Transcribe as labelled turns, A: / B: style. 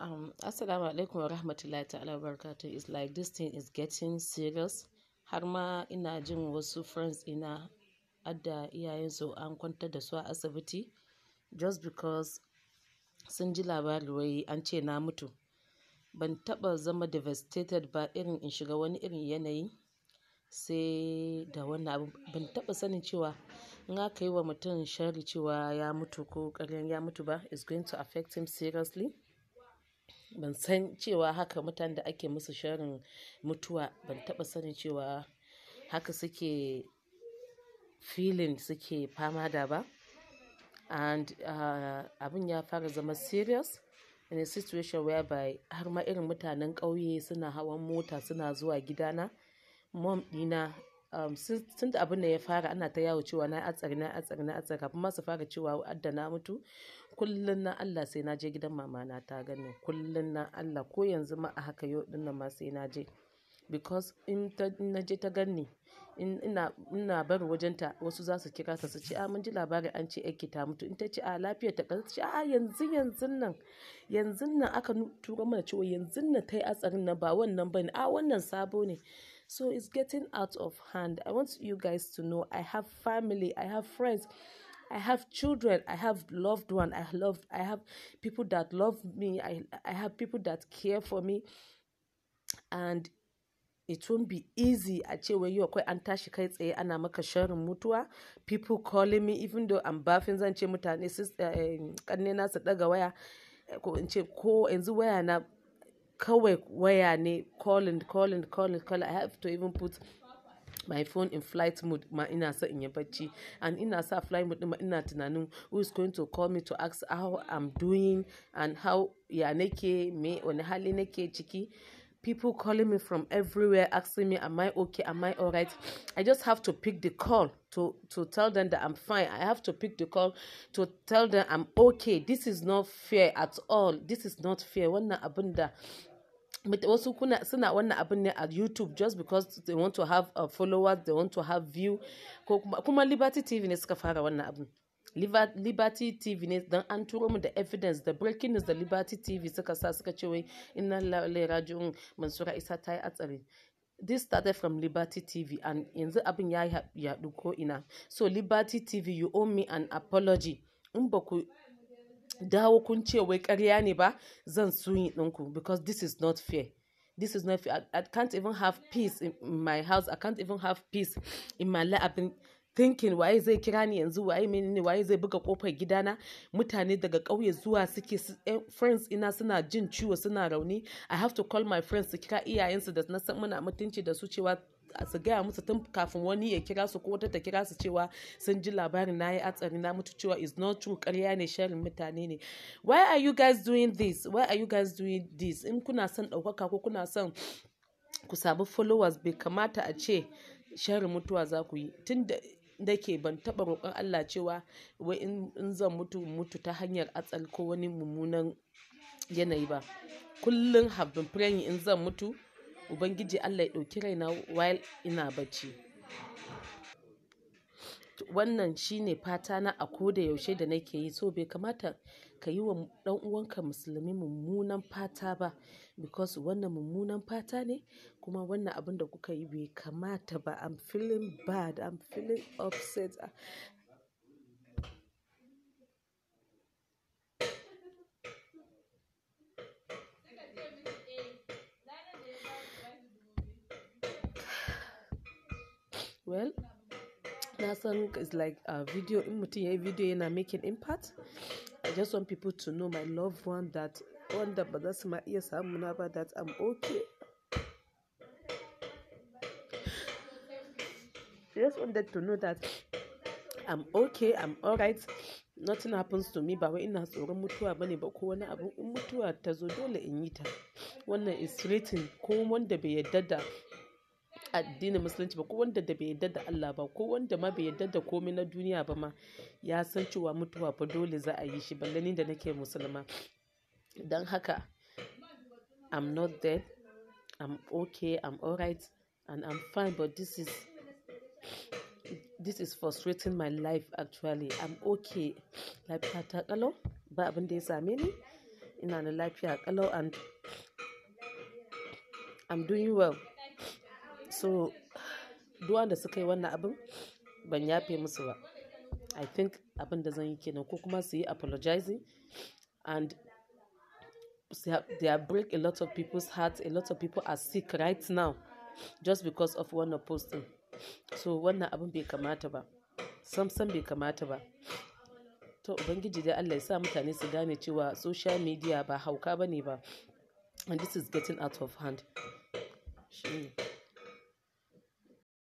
A: Um, Assalamu alaikum wa rahmatullahi ta'ala wa barakatuh. It's like this thing is getting serious. Har ma ina jin wasu friends ina adda iyayensu an kwantar da su a asibiti just because sun ji labari wai an ce na mutu. Ban taɓa zama devastated ba irin in shiga wani irin yanayi sai da wannan abu ban taba sanin cewa in aka yi wa mutum shari cewa ya mutu ko ƙaryan ya mutu ba is going to affect him seriously. ban san cewa haka mutane da ake musu sharin mutuwa ban taba sanin cewa haka suke filin, suke fama da ba and uh, abin ya fara zama serious in a situation whereby har ma irin mutanen ƙauye suna hawan mota suna zuwa gidana mom dina. Um, sun da abin da ya fara ana ta yawo cewa na atsar na atsar na atsar kafin masu fara cewa adda na mutu kullun na Allah sai na je gidan mama na ta gani kullun na Allah ko yanzu ma a haka yau dinnan ma sai na je because in na je ta ganni ina ina bar wajenta wasu za su kira ta su ce a ah, mun ji labarin an ce yake ta mutu in ta ce a ah, lafiyar ta kaza ce a ah, yanzu yanzu nan yanzu nan aka tura mana cewa yanzu nan tai atsarin nan ba wannan bane a wannan sabo ne so it's getting out of hand i want you guys to know i have family i have friends i have children i have loved one i love i have people that love me i i have people that care for me and it won't be easy a ce wai yau akwai an tashi kai tsaye ana maka people calling me even though I'm bafin and ce mutane su eh, eh, kanne eh, na su daga waya ko in ce ko yanzu waya kawai waya ne calling calling calling calling i have to even put my phone in flight mode ma ina sa in yi bacci and ina sa flight mode ma ina tunanin who is going to call me to ask how i'm doing and how ya nake me wani hali nake ciki people calling me from everywhere asking me am i okay am i all right i just have to pick the call to to tell them that i'm fine i have to pick the call to tell them i'm okay this is not fair at all this is not fair wannan abin da wasu kuna suna wannan abin ne a youtube just because they want to have a uh, followers they want to have view ko kuma liberty tv ne suka fara wannan abin liberty tv ne don an turo mu da evidence da breaking news da liberty tv suka sa suka ce wai inna lillahi raji'un mansura isa ta yi hatsari this started from liberty tv and yanzu abin ya yaɗu ko ina so liberty tv you owe me an apology in ba ku dawo kun ce wai karya ne ba zan suyi ɗinku because this is not fair this is not fair I, I can't even have peace in, my house I can't even have peace in my life thinking waye zai kira ni yanzu waye menene waye zai buga kofar gidana mutane daga kauye zuwa suke eh, friends ina suna jin ciwo suna rauni i have to call my friends su kira iyayensu da na san muna mutunci da su cewa su gaya musu tun kafin wani ya kira su ko wata ta kira su cewa sun ji labarin na yi atsari na mutu cewa is not true karya ne sharing mutane ne why are you guys doing this why are you guys doing this in kuna son ɗaukaka ko kuna son ku samu followers bai kamata a ce sharin mutuwa za ku yi tun nake ban taɓa roƙon Allah cewa wai in zan mutu mutu ta hanyar atsal ko wani mummunan yanayi ba kullum have been in zan mutu ubangiji Allah ya ɗauki raina while ina bacci wannan shine fata na a da yaushe da nake yi so bai kamata ka yi wa ɗan uwanka musulmi mummunan fata ba because wannan mummunan fata ne kuma wannan abin da kuka yi bai kamata ba i'm feeling bad i'm feeling upset well that song is like a video in mutum ya yi video making impact i just want people to know my loved one that wonder, but that's my yes, I'm never that i'm okay I just wanted to know that i'm okay i'm alright nothing happens to me But when i tsoron mutuwa bane ba ko wani abu in mutuwa ta i dole in yi ta wannan is written ko wanda bai yarda da addinin musulunci ba ko wanda da bai yarda da Allah ba ko wanda ma bai yarda da komai na duniya ba ma ya san cewa mutuwa fa dole za a yi shi balle ni da nake musulma haka I'm not dead I'm okay I'm alright and I'm fine but this is this is frustrating my life actually I'm okay lafiya ta kalau ba abin da ya same ni ina lafiya kalau and I'm doing well so da suka yi wannan abin ban yafe musu ba i think abin da zan yi kenan ko kuma su yi apologizing and they have break a lot of people's hearts a lot of people are sick right now just because of wannan posting so wannan abin bai kamata ba samsam bai kamata ba to ubangiji da allah ya sa mutane su gane cewa social media ba hauka ba ne ba and this is getting out of hand Shame.